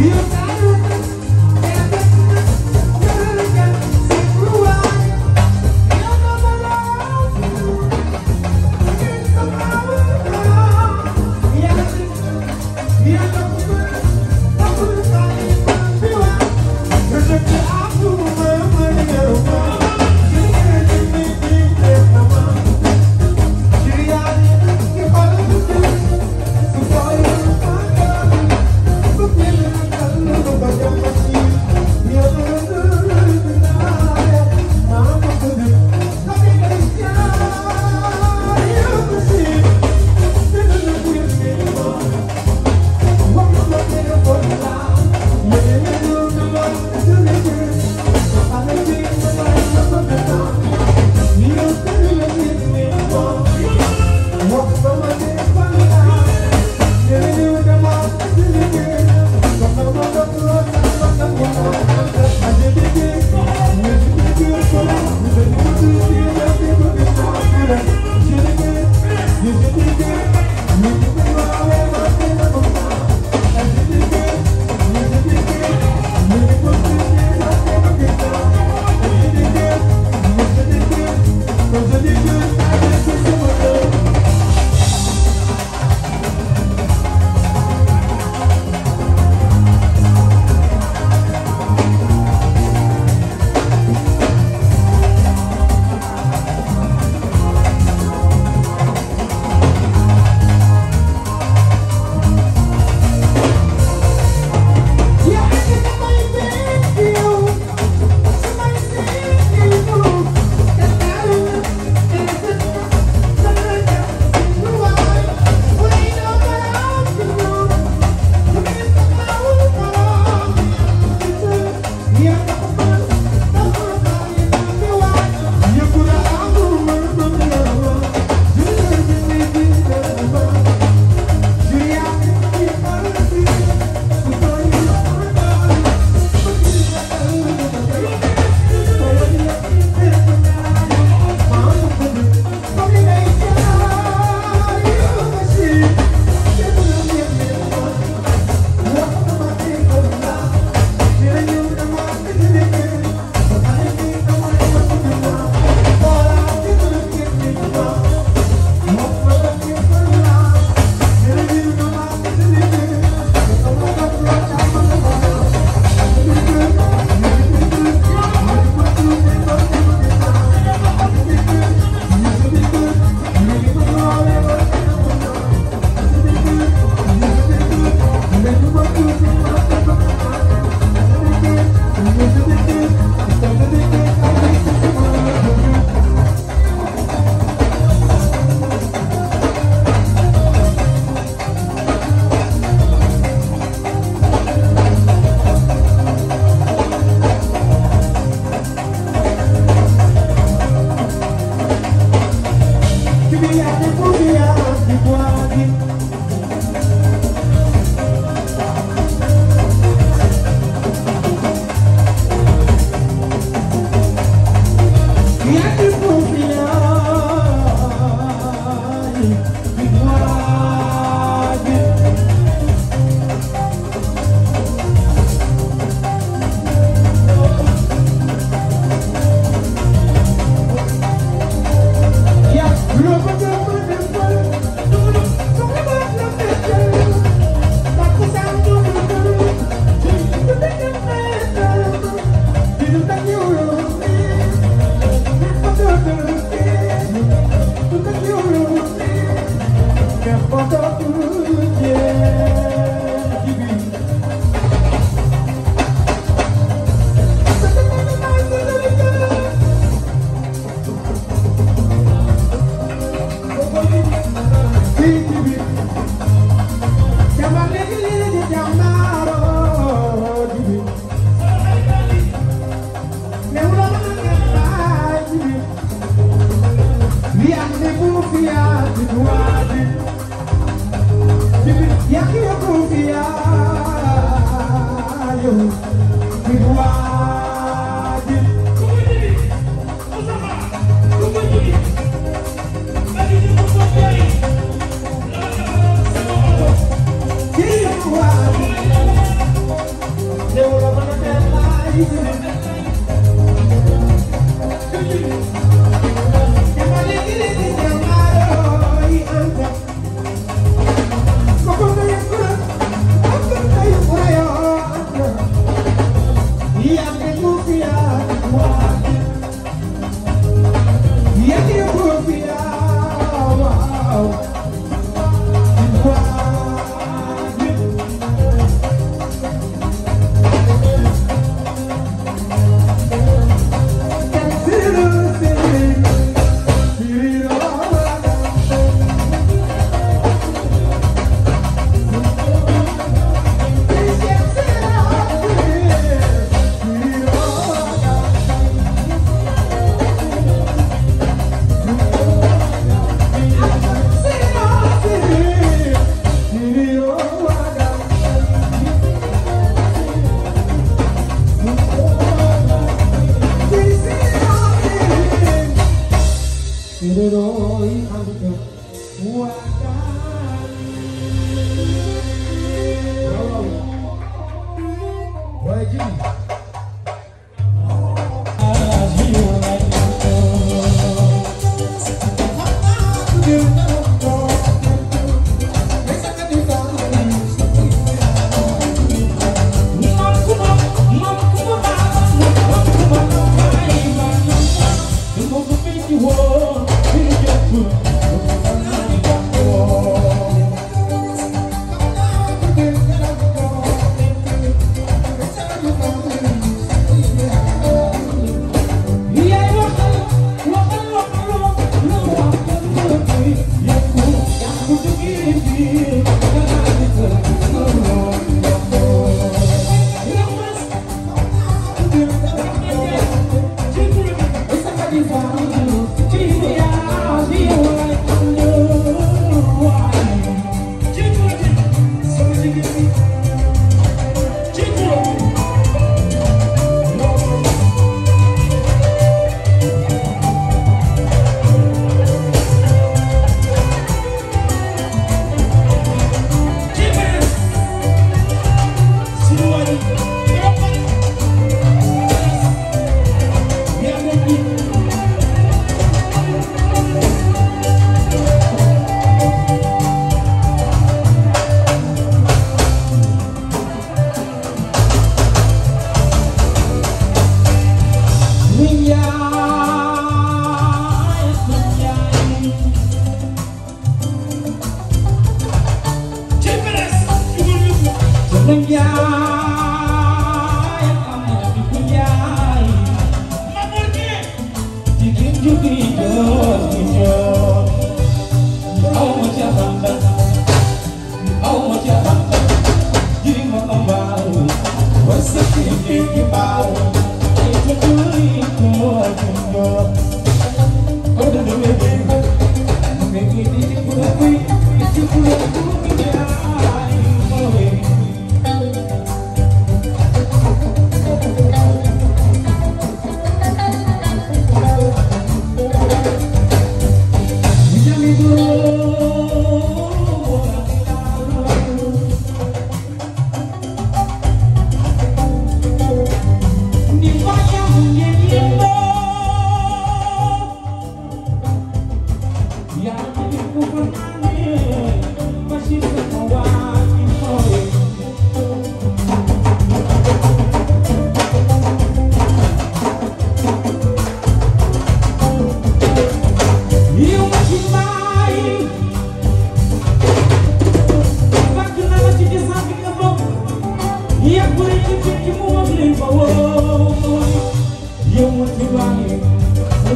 viu? thank you Oh.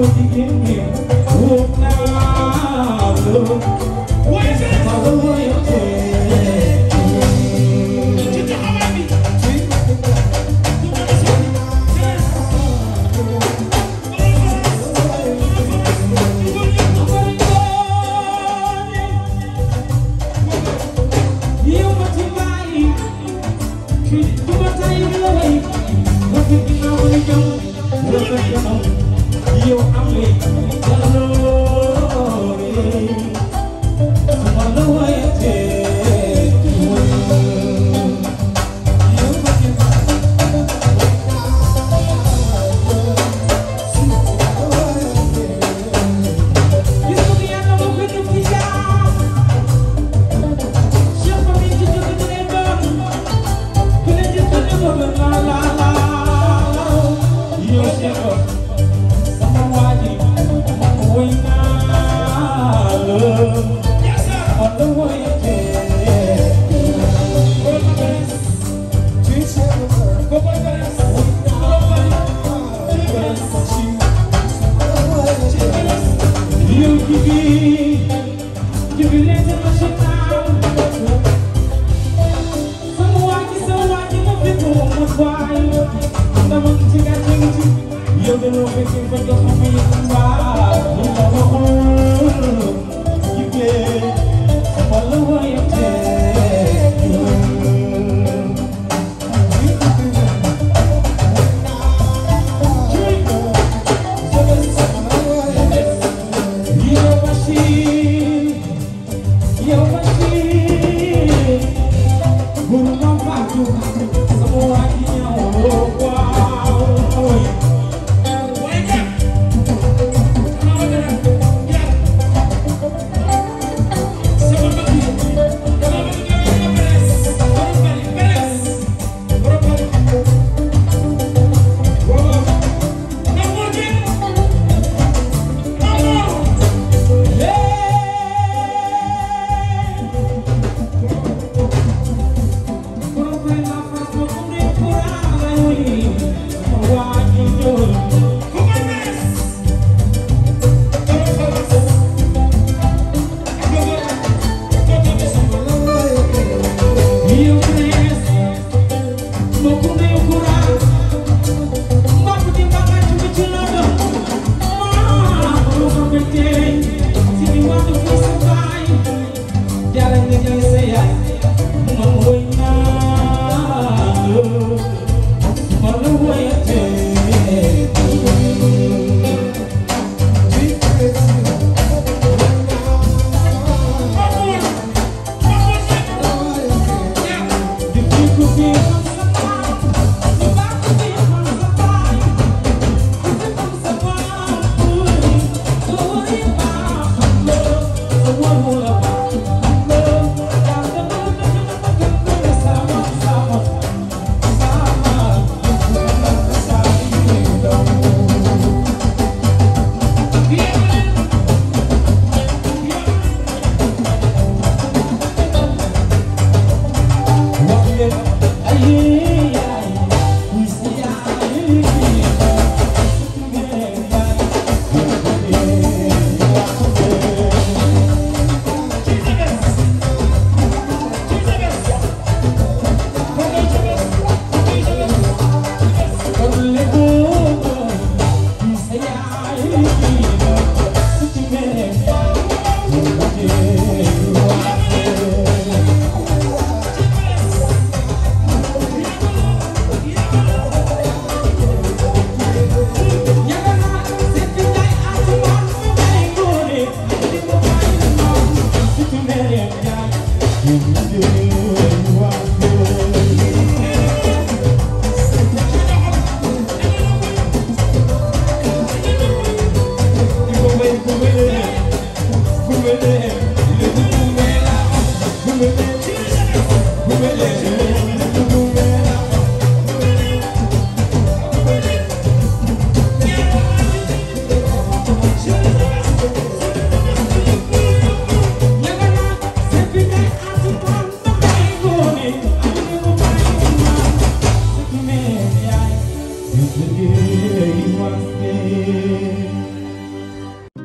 Why is it? yow am You play, follow your tail.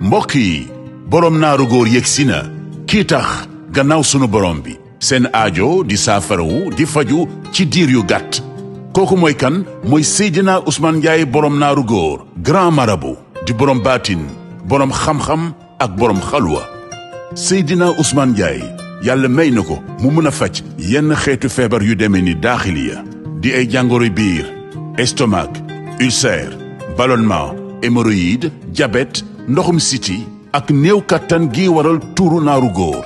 mbokk yi boroom naaru góor si na kii tax gannaaw sunu borom bi seen aajo di saafarawu di faju ci diir yu gàtt kooku mooy kan mooy Seydina usmaan Ndiaye borom naaru góor grand marabout di borom baatin borom xam-xam ak borom xalwa Seydina Ousmane Ndiaye yàlla may na ko mu mën a faj yenn xeetu feebar yu demee ni daaxiliya di ay jàngoro biir estomac ulcère ballonnement hémorroïde jabet ndoxum siti ak néew kattan gi waral tuuru naaru góor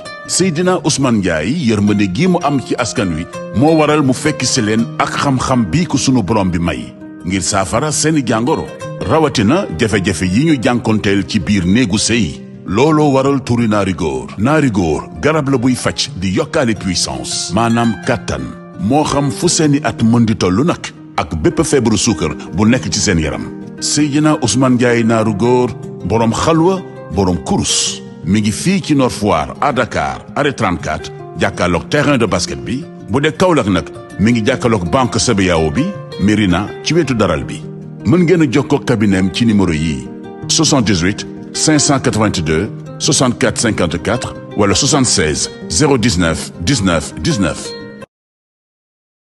dina Ousmane Ndiaye yërmande gi mu am ci askan wi moo waral mu fekk si leen ak xam-xam bi ko sunu borom bi may ngir saafara seeni jàngoro rawatina jafe-jafe yi ñu jànkonteel ci biir néegu sëy looloo waral turi naari góor naari góor garab la buy faj di yokkaale puissance maanaam kàttan moo xam fu seeni at mën di toll nag ak bépp feebaru suukar bu nekk ci seen yaram Seydina Ousmane Ndiaye naaru góor boroom xalwa boroom kurus mi ngi fii ci Nord Foire à Dakar arrêt 34 jàkkaarloog terrain de basket bi bu dee Kaolack nag mi ngi jàkkaarloog banque CBAO bi Mérina ci wetu daral bi mën ngeen a jokkoo kabineem ci numéro yii 78 582 64 54 wala 76 019 19 19